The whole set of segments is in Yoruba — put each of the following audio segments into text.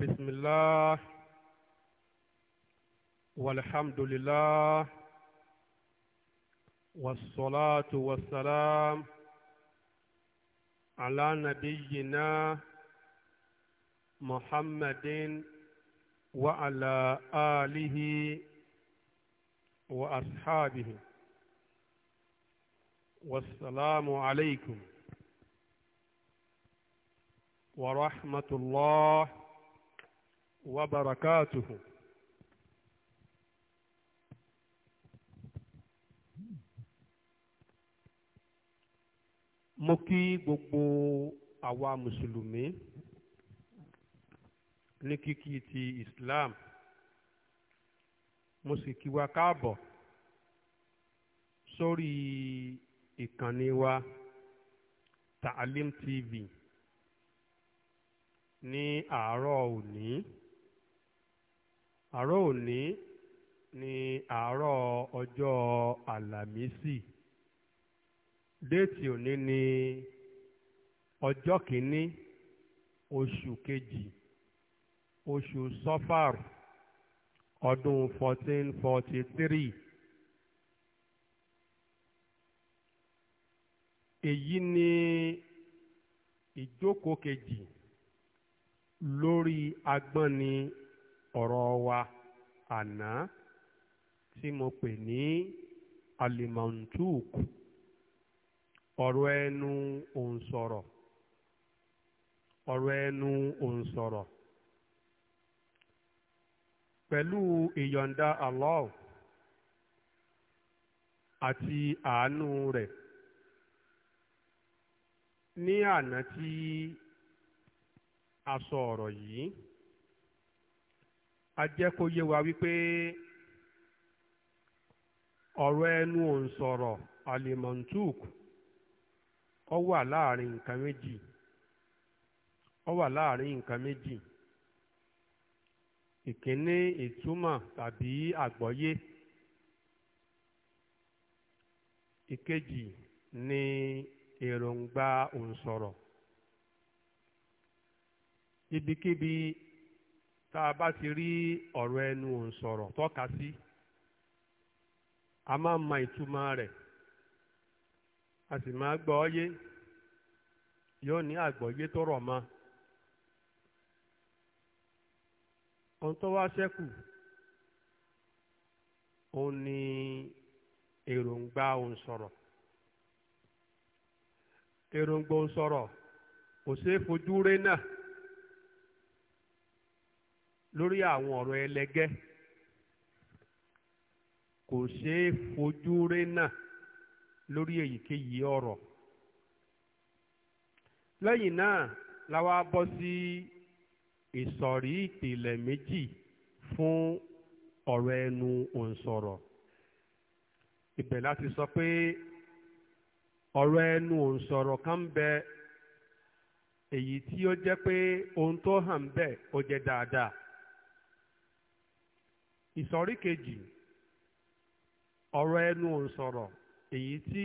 بسم الله والحمد لله والصلاة والسلام على نبينا محمد وعلى آله وأصحابه والسلام عليكم ورحمة الله وبركاته mo kí gbogbo àwa mùsùlùmí ní kíkí ti Islam mo sì kí wa káàbọ̀ sórí ìkànnì wa Taalim TV ní àárọ̀ òní àárọ̀ òní ni àárọ̀ ọjọ́ àlàmísì déètì òní ni ọjọ́ kìíní oṣù kejì oṣù sọfàr ọdún fourteen forty three èyí ni ìjókòó kejì lórí agbọ́ni ọ̀rọ̀ wa àná tí mo pè ní alimantuk ọ̀rọ̀ ẹnu òǹsọ̀rọ̀ ọ̀rọ̀ ẹnu òǹsọ̀rọ̀ pẹ̀lú ìyọ̀ǹda Allah àti àánú rẹ̀ ní àná tí a sọ ọ̀rọ̀ yìí. a jẹ́ kó yé wa wípé ọ̀rọ̀ ẹnu ò ń sọ̀rọ̀ alimantuk ọ wà láàrin nǹkan méjì wà láàrin nǹkan méjì ni èròǹgbà òǹsọ̀rọ̀ ibikíbi tá a bá ti rí ọ̀rọ̀ ẹnu òun sọ̀rọ̀ tọ́ka sí a máa ma ìtumọ̀ rẹ̀ a sì máa gbọ́ ọ yé yóò ní àgbọ́yé tó rọ̀ mọ́ ohun tó wá ni èròǹgbà òun sọ̀rọ̀ èròǹgbà òun sọ̀rọ̀ kò fojú lórí àwọn ọ̀rọ̀ ẹlẹgẹ́ kò ṣeé fojú rí náà lórí èyíkéyìí ọ̀rọ̀ lẹ́yìn náà la wá bọ́ sí ìsọ̀rí ìpìlẹ̀ méjì fún ọ̀rọ̀ ẹnu òǹsọ̀rọ̀ ibẹ̀ láti sọ pé ọ̀rọ̀ ẹnu òǹsọ̀rọ̀ kan ń bẹ èyí tí ó jẹ́ pé ohun tó hàn bẹ́ẹ̀ ó jẹ́ dáadáa. ìsọ̀rí kejì ọ̀rọ̀ ẹnu ò sọ̀rọ̀ èyí tí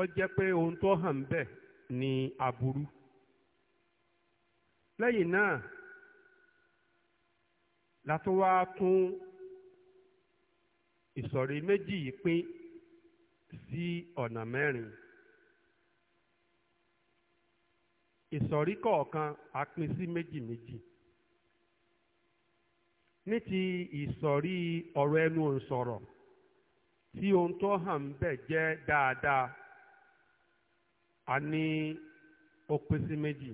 ó jẹ́ pé ohun tó hàn bẹ́ẹ̀ ni aburú lẹ́yìn náà látún wá tún ìsọ̀rí méjì yìí pín sí ọ̀nà mẹ́rin ìsọ̀rí kọ̀ọ̀kan a pín sí méjì méjì. ní ti ìsọ̀rí ọ̀rọ̀ ẹnu òǹsọ̀rọ̀ tí ohun tó hàn ń bẹ̀ jẹ́ dáadáa a ní ó sí méjì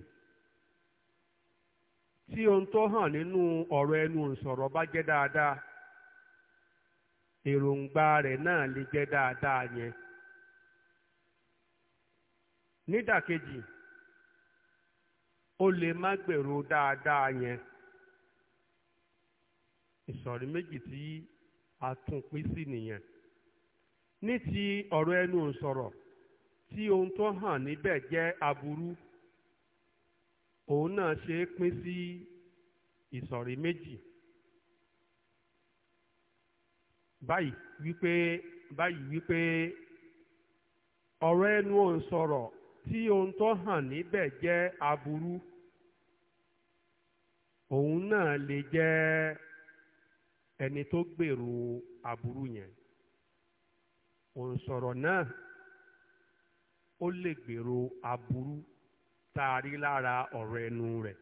tí ohun tó hàn nínú ọ̀rọ̀ ẹnu òǹsọ̀rọ̀ bá jẹ́ dáadáa èròǹgbà rẹ̀ náà lè jẹ́ dáadáa yẹn nídàkejì o lè má gbèrò dáadáa yẹn. ìsọ̀rí méjì tí a tún pín sí nìyẹn ní ti ọ̀rọ̀ ẹnu sọ̀rọ̀ tí ohun tó hàn níbẹ̀ jẹ́ aburú òun náà ṣe é pín sí ìsọ̀rí méjì báyìí wípé báyìí wípé ọ̀rọ̀ ẹnu òun sọ̀rọ̀ tí ohun tó hàn níbẹ̀ jẹ́ aburú òun náà lè jẹ́ ẹni tó gbèrò aburú yẹn òǹsọ̀rọ̀ náà ó lè gbèrò aburú tá a rí lára ọ̀rọ̀ ẹnu rẹ̀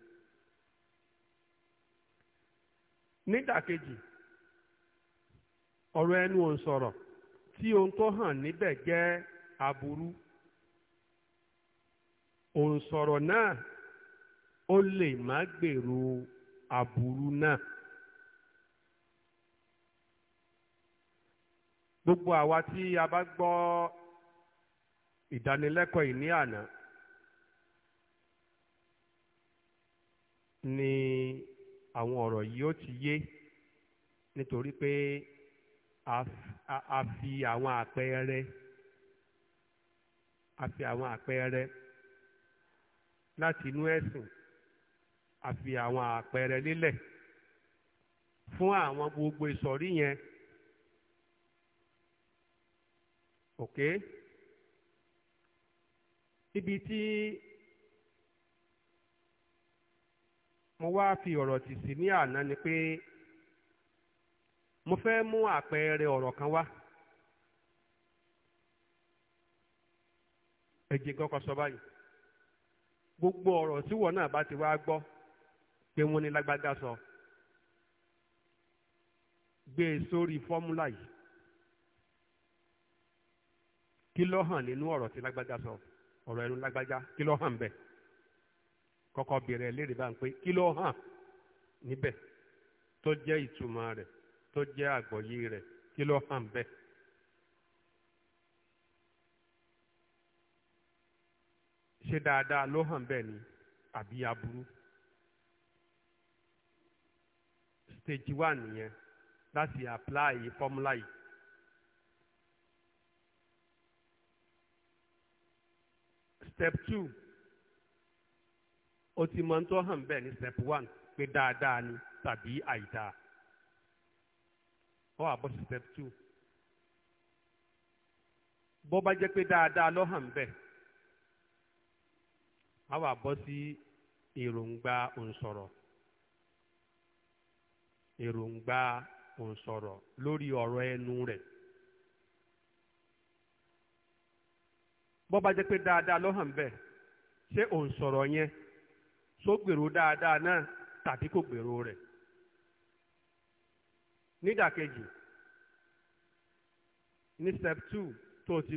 nídàkejì ọ̀rọ̀ ẹnu òǹsọ̀rọ̀ tí ohun tó hàn níbẹ̀ jẹ́ gbogbo àwa tí a bá gbọ́ ìdánilẹ́kọ̀ọ́ yìí ní àná ni àwọn ọ̀rọ̀ yìí ó ti yé nítorí pé a fi àwọn àpẹẹrẹ a fi àwọn àpẹẹrẹ láti inú ẹ̀sìn a fi àwọn àpẹẹrẹ lélẹ̀ fún àwọn gbogbo ìsọ̀rí yẹn ok ibi tí mo wá fi ọ̀rọ̀ tì sí ní àná ni pé mo fẹ́ mú àpẹẹrẹ ọ̀rọ̀ kan wá ẹ̀jẹ̀ kọ́kọ́ sọ báyìí gbogbo ọ̀rọ̀ tí wọ́n náà bá ti wá gbọ́ pé wọ́n ní lágbádá sọ gbé e sórí fọ́múlà yìí kí ló hàn nínú ọ̀rọ̀ tí lágbájá sọ ọ̀rọ̀ ẹnu lágbájá kí ló hàn bẹ́ẹ̀ kọ́kọ́ bẹ̀rẹ̀ léèrè bá ń pé kí ló hàn níbẹ̀ tó jẹ́ ìtumọ̀ rẹ̀ tó jẹ́ àgbọ́yé rẹ̀ kí ló hàn bẹ́ẹ̀. ṣé dáadáa ló hàn bẹ́ẹ̀ ni àbí aburú. stage one nìyẹn láti apply fọ́múlà yìí step two o ti mọ tó hàn bẹ́ẹ̀ ní step one pé dáadáa ni tàbí àìdáa ọ wà bọ́ sí step two bó bá jẹ́ pé dáadáa ló hàn bẹ́ẹ̀ a wà bọ́ sí èròǹgbà òǹsọ̀rọ̀ èròǹgbà òǹsọ̀rọ̀ lórí ọ̀rọ̀ ẹnu rẹ̀. bó bá jẹ́ pé dáadáa ló hàn bẹ́ẹ̀ ṣé òun sọ̀rọ̀ yẹn tó gbèrò dáadáa náà tàbí kò gbèrò rẹ̀ nídàkejì ní step two tó ti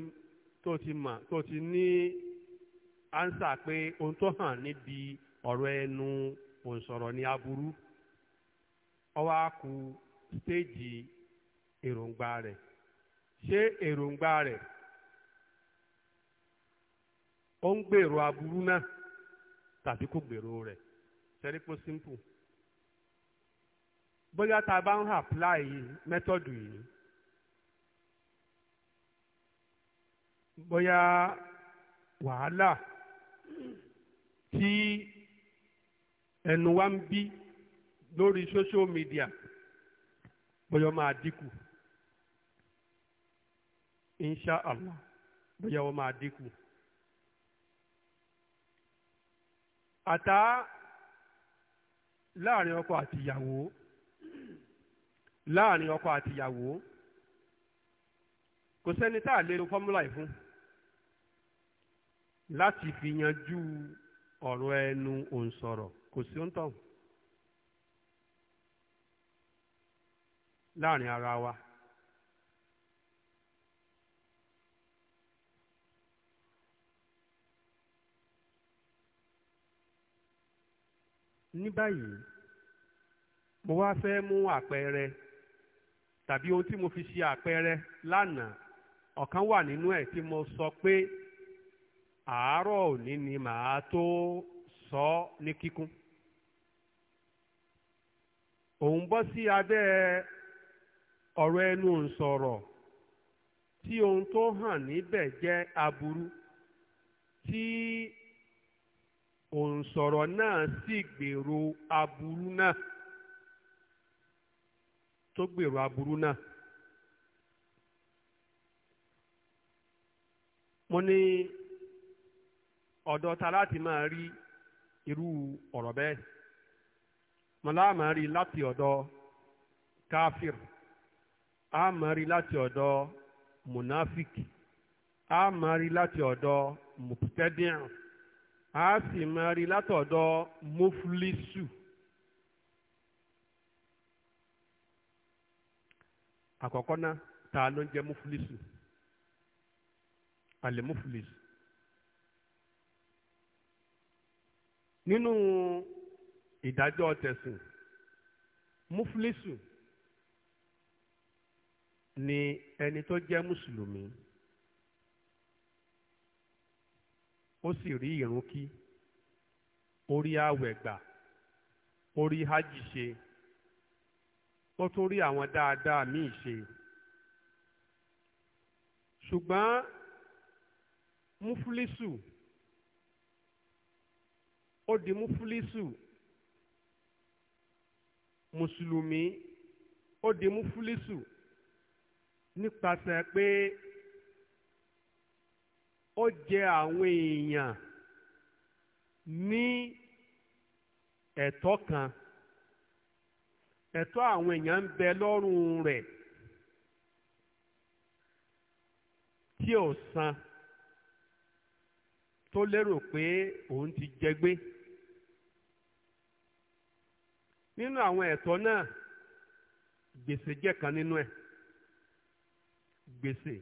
tó ti mà tó ti ní ánsà pé ohun tó hàn níbi ọ̀rọ̀ ẹnu òun sọ̀rọ̀ ní aburú ó wá kù stéèjì èròǹgbà rẹ̀ ṣé èròǹgbà rẹ̀ ó ń gbèrò aburú náà tàbí kò gbèrò rẹ̀ ṣẹ́rí pé simple bóyá tá a bá ń apply mẹ́tọ́dù yìí bóyá wàhálà tí ẹnu wa ń bí lórí social media bóyá máa insha allah bóyá wọ́n máa dịkụ. Ata láàrin ọkọ àtìyàwó láàrin ọkọ àtìyàwó kò sẹ́ni tá a lè lo fọ́múlà yìí fún láti fi yanjú ọ̀rọ̀ ẹnu òǹsọ̀rọ̀ kò sí òǹtọ̀ láàrin ara wa. ní báyìí mo wá fẹ́ mú àpẹẹrẹ tàbí ohun tí mo fi ṣe àpẹẹrẹ lánàá ọ̀kan wà nínú ẹ̀ tí mo sọ pé àárọ̀ òní ni màá tó sọ ọ́ ní kíkún òun bọ́ sí abẹ́ ọ̀rọ̀ ẹnu sọ̀rọ̀ tí ohun tó hàn níbẹ̀ jẹ́ aburú tí òǹsọ̀rọ̀ náà sì gbèrò aburú náà tó gbèrò aburú náà. mo ní ọ̀dọ̀ ta láti máa rí irú ọ̀rọ̀ bẹ́ẹ̀ mo láà rí láti ọ̀dọ̀ káfíìr a máa rí láti ọ̀dọ̀ mùnáfíkì a máa rí láti ọ̀dọ̀ mùtẹ́dìrún a sì máa rí látọ̀dọ̀ muflisu. àkọ́kọ́ náà ta ló ń jẹ́ muflisu alẹ́ muflisu. nínú ìdájọ́ tẹ̀sìn muflisu ni ẹni tó jẹ́ mùsùlùmí. ó sì rí ìrun kí ó rí ààwẹ̀ gbà ó rí hajj ṣe ó tún rí àwọn dáadáa míì ṣe ṣùgbọ́n múfúlísù ó di múfúlísù mùsùlùmí ó di múfúlísù nípasẹ̀ pé ó jẹ àwọn èèyàn ní ẹ̀tọ́ kan ẹ̀tọ́ àwọn èèyàn ń bẹ lọ́rùn rẹ̀ tí ò san tó lérò pé òun ti jẹgbé nínú àwọn ẹ̀tọ́ náà gbèsè jẹ́ kan nínú ẹ̀ gbèsè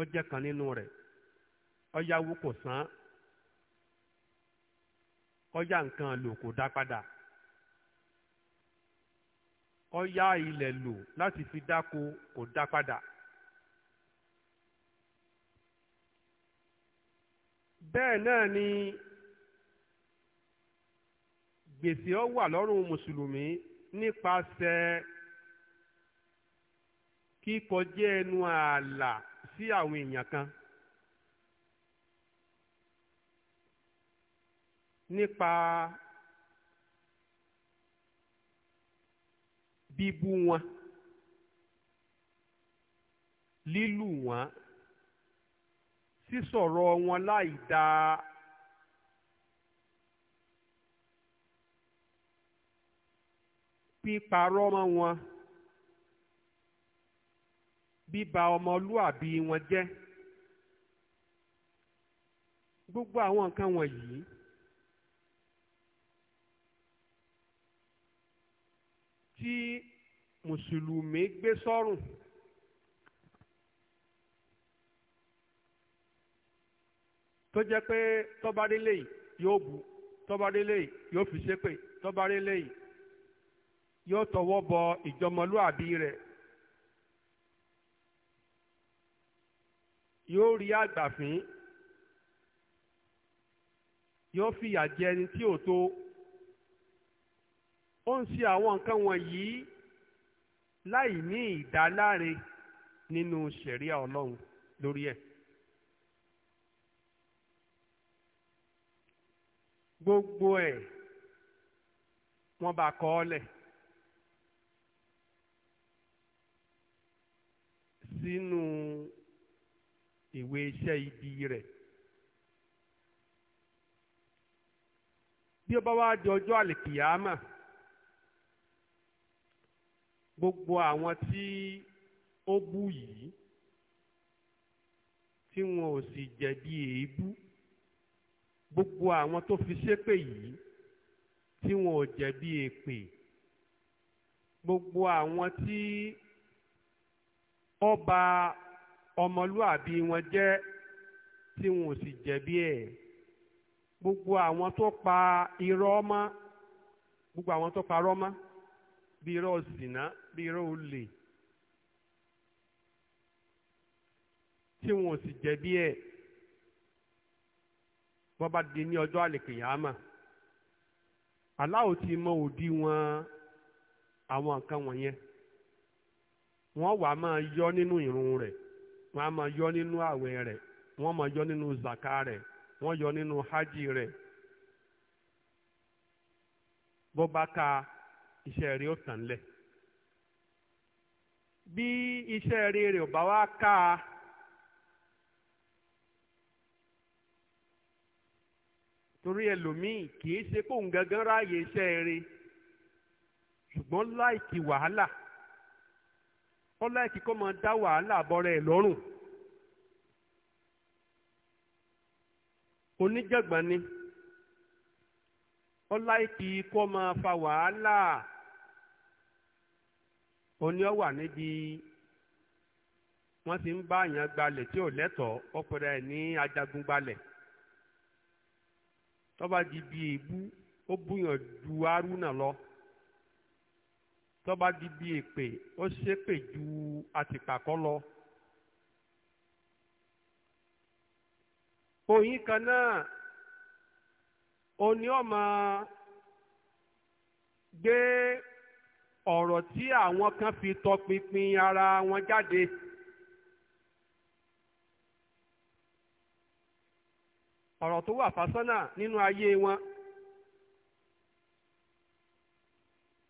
ó jẹ́ kan nínú rẹ̀ ó yáwó kò san ó yá nǹkan lò kò dá padà ó ilẹ̀ lò láti fi dáko kò dá padà. bẹ́ẹ̀ náà ni gbèsè ọ wà lọ́rùn mùsùlùmí nípasẹ̀ kíkọjá ẹnu ààlà sí àwọn èèyàn kan nípa bíbú wọn lílù wọn sísọ̀rọ̀ wọn láì dáa píparọ́ mọ́ wọn bíba ọmọlúàbí wọn jẹ́ gbogbo àwọn nǹkan wọ̀nyí tí mùsùlùmí gbé sọ́rùn tó jẹ́ pé tọ́ba délé yìí yóò bu tọ́ba délé yóò fi ṣépè tọ́ba délé yóò tọwọ́ bọ ìjọmọlúàbí rẹ̀ yóò rí àgbàfín yóò fìyà jẹ ẹni tí ò tó ó ń ṣe àwọn nǹkan wọ̀nyí láì ní ìdáláre nínú ṣẹ̀ríà ọlọ́run lórí ẹ̀. gbogbo ẹ̀ wọ́n bá kọ ọ́ lẹ̀ sínú ìwé iṣẹ́ ibi rẹ̀. bí ó bá wá di ọjọ́ àlèkìyàmà gbogbo àwọn tí ó bú yìí tí wọn ò sì jẹ̀bi èébú gbogbo àwọn tó fi ṣépè yìí tí wọn ò jẹ̀bi èpè gbogbo àwọn tí ọba ọmọlúàbí wọn jẹ́ tí wọn ò sì jẹ̀bi ẹ̀ gbogbo àwọn tó pa irọ́ mọ́ gbogbo àwọn tó parọ́ mọ́ bí irọ́ zìnà bí irọ́ olè tí wọn ò sì jẹ̀bi ẹ̀ wọ́n bá di ní ọjọ́ àlèkèyàmà aláwo ti mọ òdiwọ̀n àwọn nǹkan wọ̀nyẹn wọ́n wàá máa yọ nínú ìrun rẹ̀. wọ́n a ma yọ nínú àwẹ̀ rẹ̀ wọ́n ma yọ nínú zaka rẹ̀ wọ́n yọ nínú hajj rẹ bó bá ka iṣẹ́ rẹ̀ ó tàn lẹ̀ bí iṣẹ́ rere ò bá wá ká a torí ẹlòmíì kì í ṣe pé òun gangan ráàyè iṣẹ́ rere ṣùgbọ́n láìkí wàhálà ó láìkí kó máa dá wàhálà bọ́rẹ̀ ẹ̀ lọ́rùn ni ó láìkí kó máa fa wàhálà oní ọ wà níbi wọ́n ti ń bá àyàn gbalẹ̀ tí ò lẹ́tọ̀ọ́ ọpẹrẹ ẹ̀ ní ajagun gbalẹ̀ tọ́ba di bíi ó búyàn ju arúnà lọ. tó bá di bí èpè ó ṣépè ju àtìpàkọ́ lọ. oyin kan náà òní ọmọ gbé ọ̀rọ̀ tí àwọn kan fi tọpinpin ara wọn jáde. ọ̀rọ̀ tó wà fásánà nínú ayé wọn.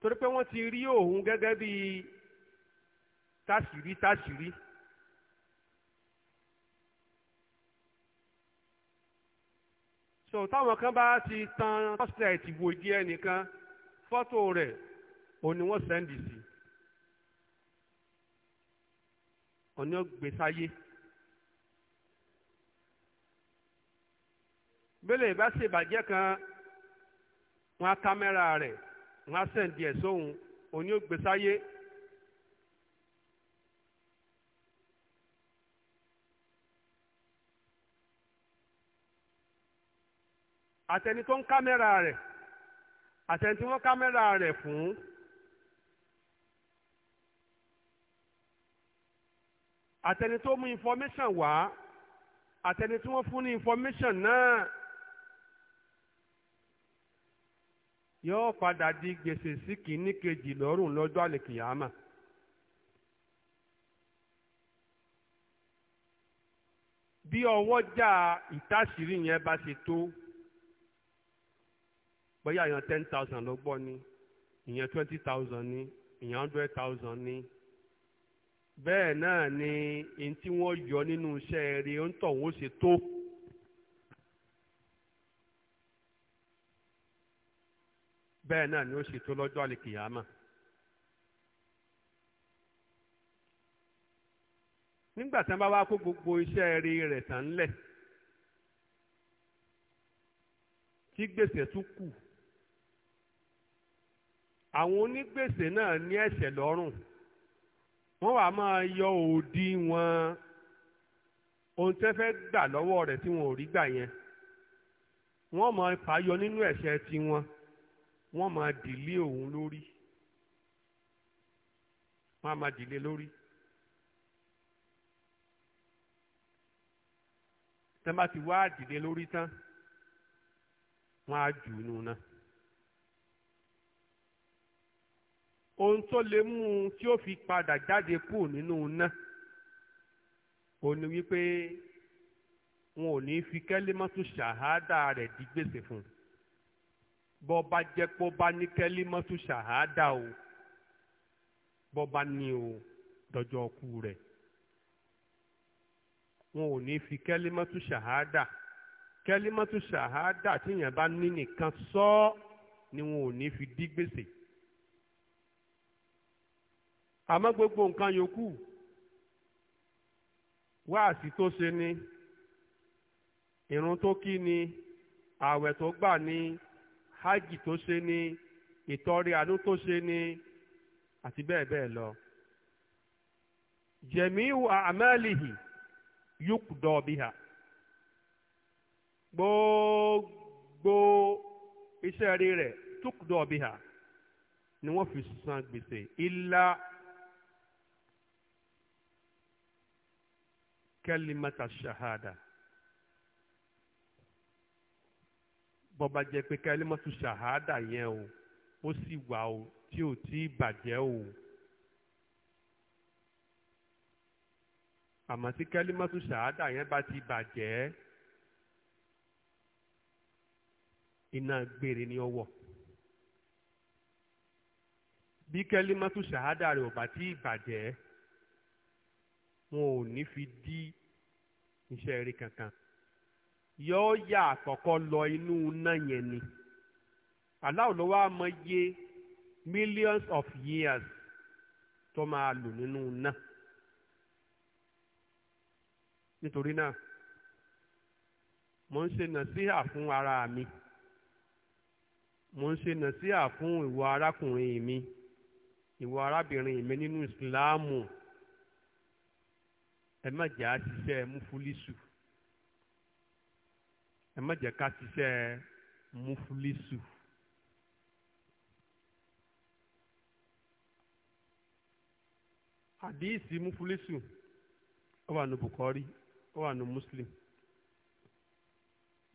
torí pé wọ́n ti rí òun gẹ́gẹ́ bí táṣìírí táṣìírí. so táwọn kan bá ti tan tọ́sẹ̀tì wo ìdí ẹnìkan fọ́tò rẹ̀ òun ni wọ́n sẹ́ndì sí òun yóò gbé sáyé. bẹ́lẹ̀ ìbá ṣèbàjẹ́ kan wọn á kámẹ́rà rẹ̀ wọn á sẹ̀ǹdì ẹ̀ sóhun òní ó gbé sáyé. àtẹni tó ń kámẹ́rà rẹ̀ àtẹni tí wọ́n kámẹ́rà rẹ̀ fún. àtẹni tó mú information wá àtẹni tí wọ́n fún ní information náà. yóò padà di gbèsè sí kìíní kejì lọ́rùn lọ́jọ́ àlèkìyàmà. bí ọwọ́jà ìtàṣírí yẹn bá ṣe tó bóyá èèyàn ten thousand ló gbọ́ ni ìyẹn twenty thousand ni ìyẹn hundred thousand ni bẹ́ẹ̀ náà ni ohun tí wọ́n yọ nínú iṣẹ́ eré ń tọ̀ wọ́n ṣe tó. bẹ́ẹ̀ náà ni ó sì tó lọ́jọ́ àlìkìyàmà. nígbà tí wọ́n bá wá kó gbogbo iṣẹ́ rí rẹ̀ tán lẹ̀ tí gbèsè tún kù àwọn onígbèsè náà ní ẹ̀ṣẹ̀ lọ́rùn wọ́n wàá máa yọ òdi wọn ohun tẹ́ fẹ́ gbà lọ́wọ́ rẹ̀ tí wọn ò rí gbà yẹn wọ́n máa nínú tiwọn. wọ́n máa dìlé òun lórí wọ́n á máa dìlé lórí. tẹ́ bá ti wá dìlé lórí tán wọ́n á jù ú nù náà. ohun tó lè mú un tí ó fi padà jáde kúrò nínú iná ò ní wípé wọn ò ní fi kẹ́lẹ́mọ́tò ṣàhádà rẹ̀ di gbèsè fún un bọ́ bá jẹ́ pé ó bá ní kẹ́lí mọ́tò ṣàhádà o bọ́ bá ní o dọjọ́ ọkú rẹ̀ wọn ò ní fi kẹ́lí mọ́tò ṣàhádà kẹ́lí mọ́tò ṣàhádà tíyẹn bá ní nìkan sọ ọ́ ni wọn ò ní fi dí gbèsè àmọ́ gbogbo nǹkan yòókù wáàsí tó ṣe ni ìrun tó kí ni ààwẹ̀ tó gbà ni hajj tó ṣe ni ìtọrẹ àánú tó ṣe ni àti bẹ́ẹ̀ bẹ́ẹ̀ lọ. jẹ̀míwò àmàlìhì yúkùdọ̀ bíhà gbogbo iṣẹ́ rí rẹ̀ túkùdọ̀ bíhà ni wọ́n fi san gbèsè ilá kẹ́límátà ṣàhádà. bọ́ba jẹ́ pé kẹ́límọ́tù ṣàhádà yẹn o ó sì wà o tí ò tí ì bàjẹ́ o. àmọ́ tí kẹ́límọ́tù ṣàhádà yẹn bá ti bàjẹ́ iná gbére ni ó wọ̀. bí kẹ́límọ́tù ṣàhádà rẹ̀ ò tí ì wọn ò ní fi dí iṣẹ́ rí kankan yóò yà àkọ́kọ́ lọ inú iná yẹn ni aláwo ló wá mọ iye millions of years tó máa lò nínú iná nítorí náà mo ń ṣe nàṣíhà fún ara mi mo ń ṣe nàṣíhà fún ìwọ arákùnrin mi ìwọ arábìnrin mi nínú ìsìláàmù ẹ má jà á ṣiṣẹ́ ẹ má jẹ́ ká ṣiṣẹ́ muflisu. àdíìsì muflisu ó wà ní Bukhari ó wà ní Muslim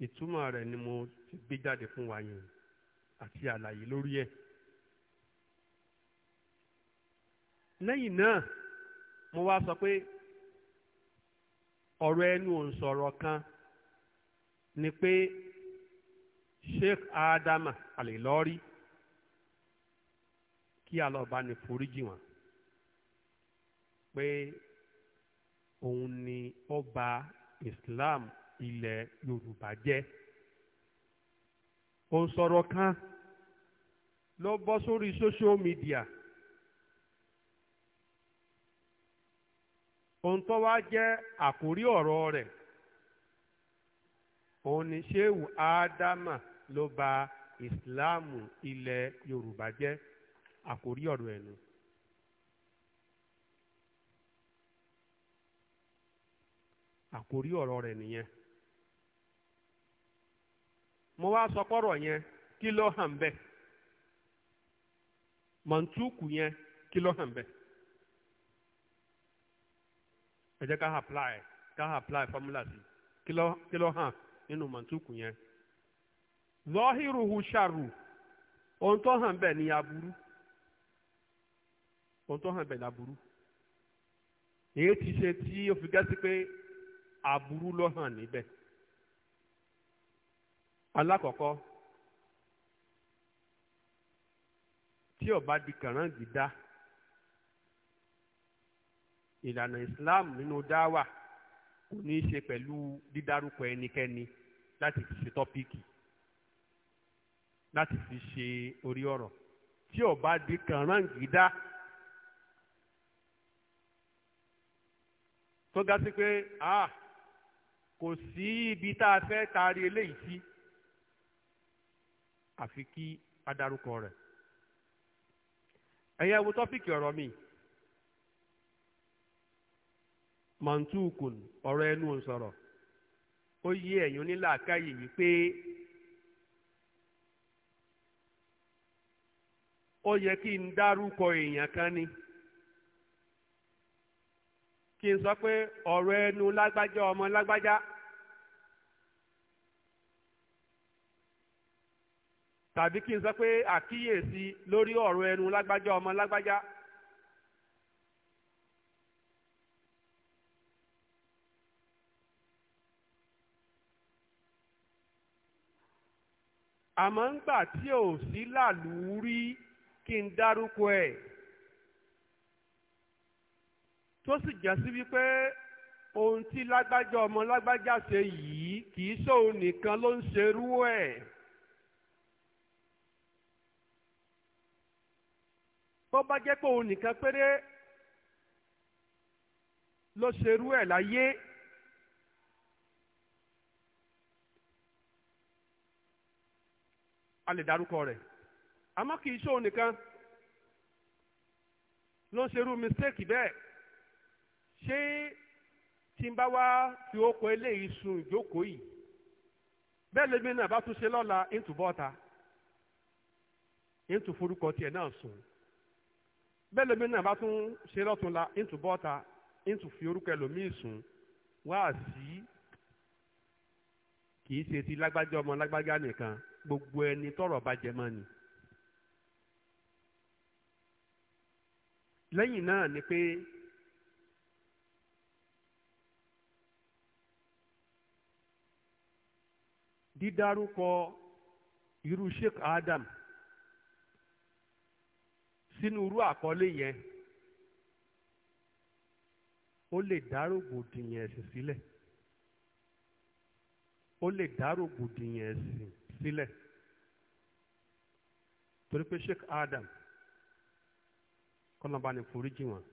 ìtumọ̀ rẹ̀ ni mo ti gbé jáde fún wa yẹn àti àlàyé lórí ẹ̀. lẹ́yìn náà mo wá sọ pé ọ̀rọ̀ ẹnu ò ń sọ̀rọ̀ kan ni pé Sheikh Adama Alilori kí alọba ni foríjì wọn pé òun ni ó Islam ilẹ̀ Yorùbá jẹ́ òun sọ̀rọ̀ kan ló bọ́ sórí social media. ohun tó wá jẹ́ àkórí ọ̀rọ̀ rẹ̀ òun ni sheu ádámà ló ba ìsìláàmù ilẹ̀ yorùbá jẹ́ àkórí ọ̀rọ̀ ẹ̀nu. àkórí ọ̀rọ̀ rẹ̀ nìyẹn. mo wá sọ pọ́rọ̀ yẹn kí ló hàn bẹ́ẹ̀ mọ̀ntúkù yẹn kí ló hàn bẹ́ẹ̀. ẹ jẹ́ ká apply ká apply formula sí kí ló hàn nínú mọ̀túkù yẹn zọ́hírùhù ṣàrù ohun tó hàn bẹ́ẹ̀ ni aburú ohun tó hàn bẹ́ẹ̀ ni aburú èyí ti ṣe tí ó fi gẹ́sí pé aburú ló hàn níbẹ̀ alákọ̀ọ́kọ́ tí ó bá di kànáńgì ìlànà Islam nínú dáwà. No kò ní í ṣe pẹ̀lú dídárúkọ ẹnikẹ́ni láti fi ṣe tọ́píìkì láti fi ṣe orí ọ̀rọ̀ tí ó bá di kànráǹgídá tó ga sí pé ah kò sí ibi tá a fẹ́ taari eléyìí sí àfi kí a dárúkọ rẹ̀ ẹ̀yẹ́ tọ́píìkì ọ̀rọ̀ mi. Ma ọ̀rọ̀ ẹnu sọ̀rọ̀ ó yí ẹ̀yin onílàákàyè wípé ó yẹ kí n dárúkọ èèyàn kan ni kí n sọ pé ọ̀rọ̀ ẹnu lágbájá ọmọ lágbájá tàbí kí n sọ pé àkíyèsí ẹnu lágbájá ọmọ lágbájá. àmọ́ ńgbà tí ò sí làlúrí kí n dárúkọ ẹ̀ tó sì jẹ́ sí wípé ohun tí lágbájá ọmọ lágbájá ṣe yìí kì í ṣòun nìkan ló ń ṣerú ẹ̀. tó bá jẹ́ pé òun nìkan péré ló ṣerú ẹ̀ láyé a lè dárúkọ rẹ̀ àmọ́ kì í ṣóun nìkan ló ń ṣerú mistake bẹ́ẹ̀ ṣé tí n bá wá fi okò eléyìí sun ìjókòó yìí bẹ́ẹ̀ lèmi náà bá tún ṣe lọ́la ìtúbọ́ta ìtúforúkọ tiẹ̀ náà sùn bẹ́ẹ̀ lèmi náà bá tún ṣe lọ́túnla ìtúbọ́ta ìtúfi orúkọ ẹlòmíì sùn wá sí kì í ṣe ti lágbájá ọmọ lágbájá nìkan gbogbo ẹni tọ́rọ̀ bá jẹ mọ́ ni. lẹ́yìn náà ni pé dídárúkọ irú Sheikh Adam sínú irú àkọlé yẹn ó lè dá rògbòdìyàn ẹ̀sìn sílẹ̀ ó lè dá rògbòdìyàn ẹ̀sìn sílẹ̀ torí pé Sheikh Adam kọ́nà bá ní foríjì wọn.